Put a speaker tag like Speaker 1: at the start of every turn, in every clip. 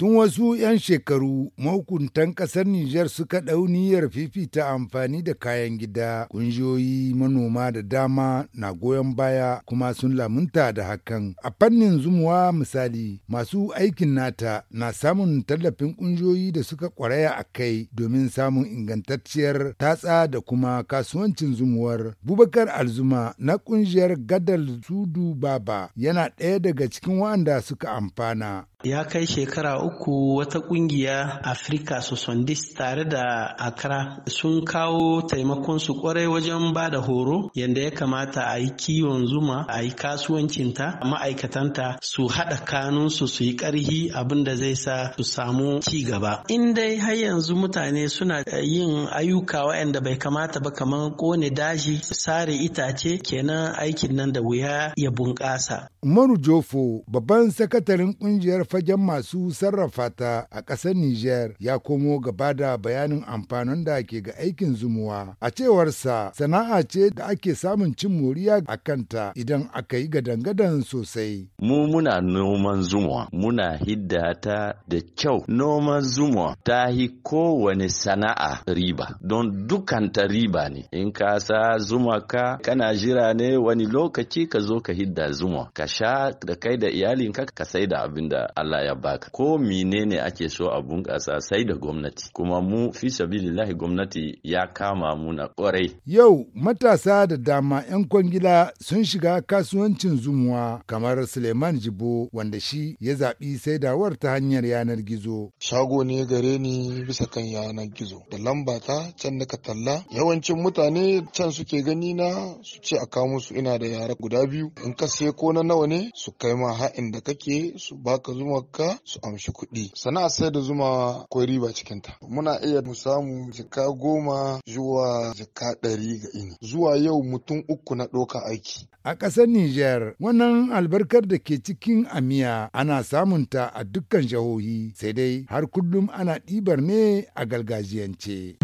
Speaker 1: Tun wasu 'yan shekaru mahukuntan ƙasar Nijar suka ɗau niyyar fifita amfani da kayan gida, ƙungiyoyi manoma da dama na goyon baya kuma sun lamunta da hakan. A fannin zumuwa misali, masu aikin nata na samun tallafin ƙungiyoyi da suka ƙwaraya a kai domin samun ingantacciyar tatsa da kuma kasuwancin zumuwar. Bubakar Alzuma na ƙungiyar Gadal Sudu Baba yana ɗaya daga cikin waɗanda suka amfana.
Speaker 2: ya kai shekara uku wata kungiya afirka sosondis tare da accra sun kawo taimakon su kwarai wajen ba da horo yadda ya kamata a yi kiwon zuma a yi kasuwancinta ma'aikatanta su haɗa kanunsu su yi ƙarhi abin da zai sa su samu ci gaba in dai har yanzu mutane suna yin ayyuka waɗanda bai kamata ba kamar kone daji sare itace kenan aikin nan da wuya ya bunƙasa.
Speaker 1: Manu Jofo babban sakataren ƙungiyar fagen masu sarrafa ta a ƙasar Nijar ya komo gaba da bayanin amfanin da ke ga aikin zumuwa. A cewarsa sana'a ce da ake samun cin moriya a kanta idan aka yi gadan-gadan sosai. Mu
Speaker 3: muna noman zumuwa, muna hidda ta da kyau. Noman zumuwa ta yi kowane sana'a riba, don dukanta riba ne. In ka sa zuma ka kana jira ne wani lokaci ka zo ka hidda zuma ka sha da kai da iyalinka ka sai da abin da Allah ya baka ko menene ake so a bunƙasa sai da gwamnati kuma mu fi sabilillahi gwamnati ya kama mu na kwarai
Speaker 1: yau matasa da dama 'yan kwangila sun shiga kasuwancin zumuwa kamar Suleiman Jibo wanda shi ya zaɓi saidawar ta hanyar yanar gizo shago ne gare ni
Speaker 4: bisa kan yanar gizo da lamba ta can da talla yawancin mutane can suke gani na su ce a kawo musu ina da yara guda biyu in ka siya ko na nawa ne su kai ma ha'in da kake su baka zuma yunwarka su amshi kuɗi sana'a sai da zuma akwai riba cikinta. muna iya mu samu jika goma zuwa jika ɗari ga ini zuwa
Speaker 1: yau mutum uku na ɗoka aiki a ƙasar Nijar wannan albarkar da ke cikin amiya ana samun ta a dukkan jihohi sai dai har kullum ana ɗibar ne a gargajiyance.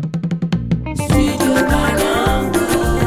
Speaker 3: Studio